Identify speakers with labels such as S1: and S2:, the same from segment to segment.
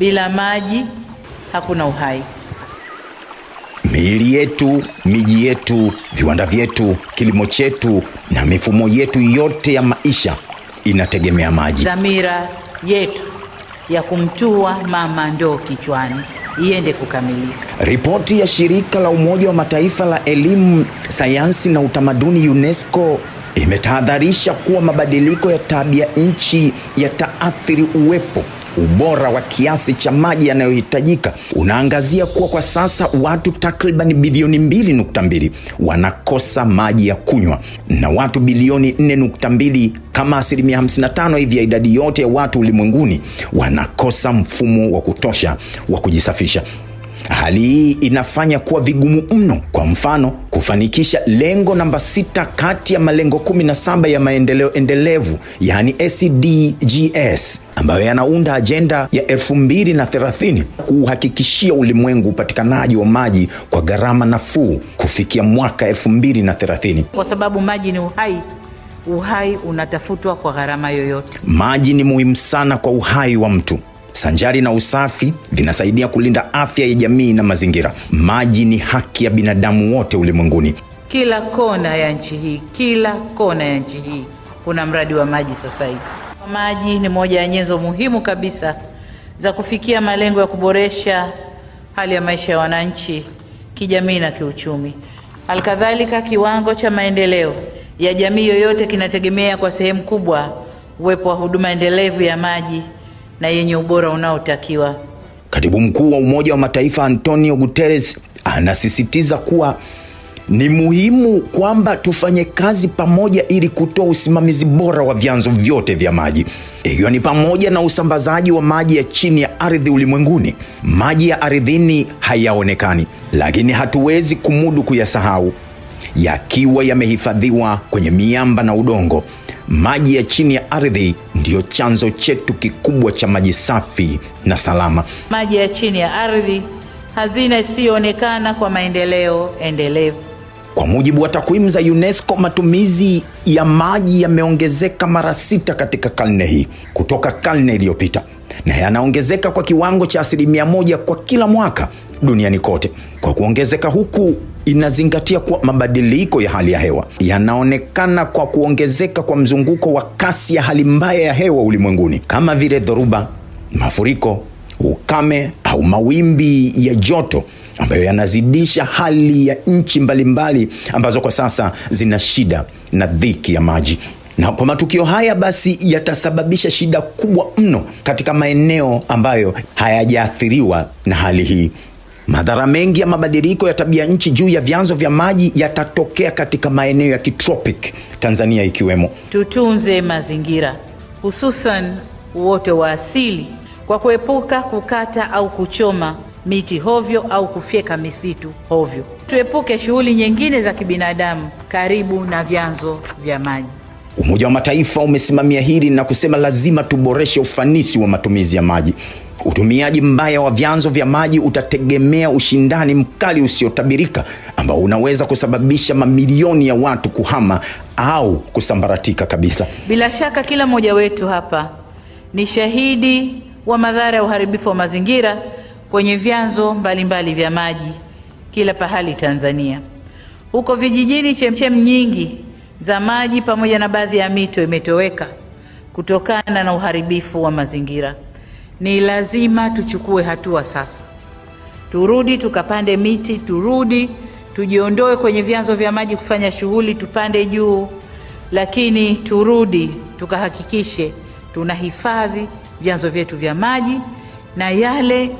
S1: Bila maji hakuna uhai.
S2: Miili yetu, miji yetu, viwanda vyetu, kilimo chetu na mifumo yetu yote ya maisha inategemea maji.
S1: Dhamira yetu ya kumtua mama ndoo kichwani iende kukamilika.
S2: Ripoti ya shirika la Umoja wa Mataifa la elimu, sayansi na utamaduni UNESCO imetahadharisha kuwa mabadiliko ya tabia nchi yataathiri uwepo ubora wa kiasi cha maji yanayohitajika unaangazia kuwa kwa sasa watu takriban bilioni 2.2 wanakosa maji ya kunywa na watu bilioni 4.2, kama asilimia 55 hivi ya idadi yote ya watu ulimwenguni wanakosa mfumo wa kutosha wa kujisafisha. Hali hii inafanya kuwa vigumu mno, kwa mfano, kufanikisha lengo namba sita kati ya malengo 17 ya maendeleo endelevu, yaani SDGs, ambayo yanaunda ajenda ya 2030 kuhakikishia ulimwengu upatikanaji wa maji kwa gharama nafuu kufikia mwaka 2030,
S1: kwa sababu maji ni uhai. Uhai unatafutwa kwa gharama yoyote.
S2: Maji ni muhimu sana kwa uhai wa mtu sanjari na usafi vinasaidia kulinda afya ya jamii na mazingira. Maji ni haki ya binadamu wote ulimwenguni.
S1: Kila kona ya nchi hii, kila kona ya nchi hii kuna mradi wa maji sasa hivi. Maji ni moja ya nyenzo muhimu kabisa za kufikia malengo ya kuboresha hali ya maisha ya wananchi kijamii na kiuchumi. Alkadhalika, kiwango cha maendeleo ya jamii yoyote kinategemea kwa sehemu kubwa uwepo wa huduma endelevu ya maji na yenye ubora unaotakiwa.
S2: Katibu mkuu wa Umoja wa Mataifa Antonio Guterres anasisitiza kuwa ni muhimu kwamba tufanye kazi pamoja ili kutoa usimamizi bora wa vyanzo vyote vya maji ikiwa ni pamoja na usambazaji wa maji ya chini ya ardhi ulimwenguni. Maji ya ardhini hayaonekani, lakini hatuwezi kumudu kuyasahau, yakiwa yamehifadhiwa kwenye miamba na udongo Maji ya chini ya ardhi ndiyo chanzo chetu kikubwa cha maji safi na salama.
S1: Maji ya chini ya ardhi, hazina isiyoonekana kwa maendeleo endelevu.
S2: Kwa mujibu wa takwimu za UNESCO, matumizi ya maji yameongezeka mara sita katika karne hii kutoka karne iliyopita na yanaongezeka kwa kiwango cha asilimia moja kwa kila mwaka duniani kote. Kwa kuongezeka huku inazingatia kuwa mabadiliko ya hali ya hewa yanaonekana kwa kuongezeka kwa mzunguko wa kasi ya hali mbaya ya hewa ulimwenguni kama vile dhoruba, mafuriko, ukame au mawimbi ya joto ambayo yanazidisha hali ya nchi mbalimbali ambazo kwa sasa zina shida na dhiki ya maji. Na kwa matukio haya basi yatasababisha shida kubwa mno katika maeneo ambayo hayajaathiriwa na hali hii Madhara mengi ya mabadiliko ya tabia nchi juu ya vyanzo vya maji yatatokea katika maeneo ya kitropic Tanzania ikiwemo.
S1: Tutunze mazingira, hususan uoto wa asili kwa kuepuka kukata au kuchoma miti hovyo au kufyeka misitu hovyo. Tuepuke shughuli nyingine za kibinadamu karibu na vyanzo vya maji.
S2: Umoja wa Mataifa umesimamia hili na kusema lazima tuboreshe ufanisi wa matumizi ya maji. Utumiaji mbaya wa vyanzo vya maji utategemea ushindani mkali usiotabirika ambao unaweza kusababisha mamilioni ya watu kuhama au kusambaratika kabisa.
S1: Bila shaka kila mmoja wetu hapa ni shahidi wa madhara ya uharibifu wa mazingira kwenye vyanzo mbalimbali vya maji kila pahali Tanzania. Huko vijijini, chemchem nyingi za maji pamoja na baadhi ya mito imetoweka kutokana na uharibifu wa mazingira. Ni lazima tuchukue hatua sasa, turudi tukapande miti, turudi tujiondoe kwenye vyanzo vya maji kufanya shughuli, tupande juu, lakini turudi tukahakikishe tunahifadhi vyanzo vyetu vya maji na yale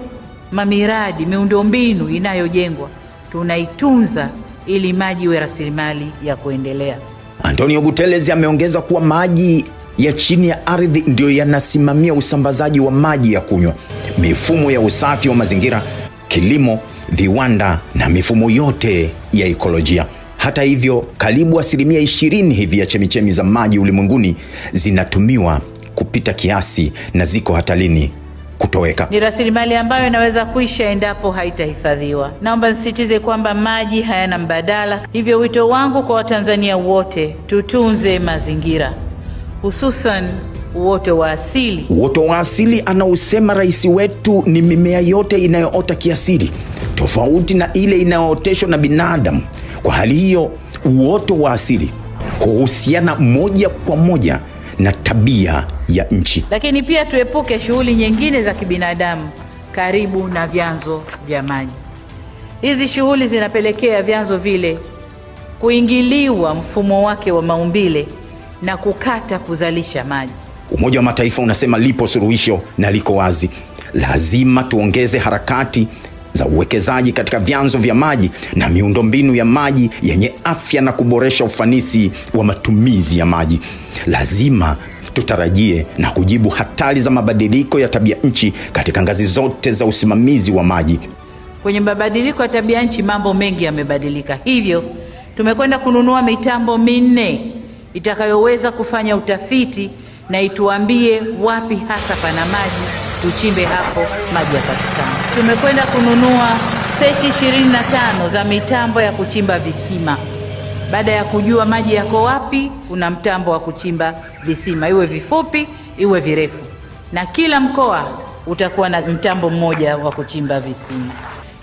S1: mamiradi miundombinu inayojengwa tunaitunza ili maji iwe rasilimali ya kuendelea.
S2: Antonio Guterres ameongeza kuwa maji ya chini ya ardhi ndiyo yanasimamia usambazaji wa maji ya kunywa, mifumo ya usafi wa mazingira, kilimo, viwanda na mifumo yote ya ekolojia. Hata hivyo, karibu asilimia ishirini hivi ya chemichemi za maji ulimwenguni zinatumiwa kupita kiasi na ziko hatarini kutoweka.
S1: Ni rasilimali ambayo inaweza kuisha endapo haitahifadhiwa. Naomba nisisitize kwamba maji hayana mbadala, hivyo wito wangu kwa Watanzania wote, tutunze mazingira hususan uoto wa asili.
S2: Uoto wa asili anaosema rais wetu ni mimea yote inayoota kiasili, tofauti na ile inayooteshwa na binadamu. Kwa hali hiyo, uoto wa asili huhusiana moja kwa moja na tabia ya nchi.
S1: Lakini pia tuepuke shughuli nyingine za kibinadamu karibu na vyanzo vya maji. Hizi shughuli zinapelekea vyanzo vile kuingiliwa mfumo wake wa maumbile na kukata kuzalisha maji.
S2: Umoja wa Mataifa unasema lipo suluhisho na liko wazi. Lazima tuongeze harakati za uwekezaji katika vyanzo vya maji na miundombinu ya maji yenye afya na kuboresha ufanisi wa matumizi ya maji. Lazima tutarajie na kujibu hatari za mabadiliko ya tabia nchi katika ngazi zote za usimamizi wa maji.
S1: Kwenye mabadiliko ya tabia nchi, mambo mengi yamebadilika, hivyo tumekwenda kununua mitambo minne itakayoweza kufanya utafiti na ituambie wapi hasa pana maji, tuchimbe hapo maji yapatikana. Tumekwenda kununua seti ishirini na tano za mitambo ya kuchimba visima. Baada ya kujua maji yako wapi, kuna mtambo wa kuchimba visima, iwe vifupi iwe virefu, na kila mkoa utakuwa na mtambo mmoja wa kuchimba visima.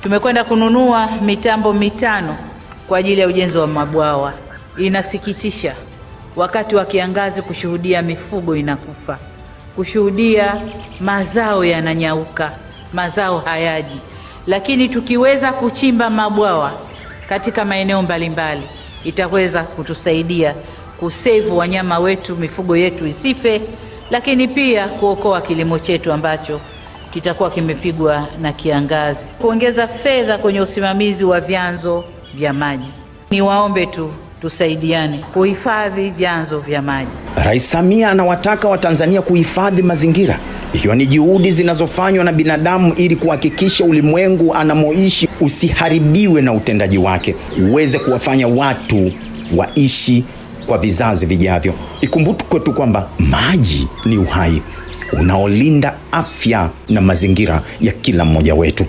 S1: Tumekwenda kununua mitambo mitano kwa ajili ya ujenzi wa mabwawa. Inasikitisha wakati wa kiangazi kushuhudia mifugo inakufa, kushuhudia mazao yananyauka, mazao hayaji. Lakini tukiweza kuchimba mabwawa katika maeneo mbalimbali, itaweza kutusaidia kusevu wanyama wetu, mifugo yetu isife, lakini pia kuokoa kilimo chetu ambacho kitakuwa kimepigwa na kiangazi. Kuongeza fedha kwenye usimamizi wa vyanzo vya maji, niwaombe tu tusaidiane kuhifadhi vyanzo vya maji.
S2: Rais Samia anawataka Watanzania kuhifadhi mazingira, ikiwa ni juhudi zinazofanywa na binadamu ili kuhakikisha ulimwengu anamoishi usiharibiwe na utendaji wake, uweze kuwafanya watu waishi kwa vizazi vijavyo. Ikumbukwe tu kwamba maji ni uhai unaolinda afya na mazingira ya kila mmoja wetu.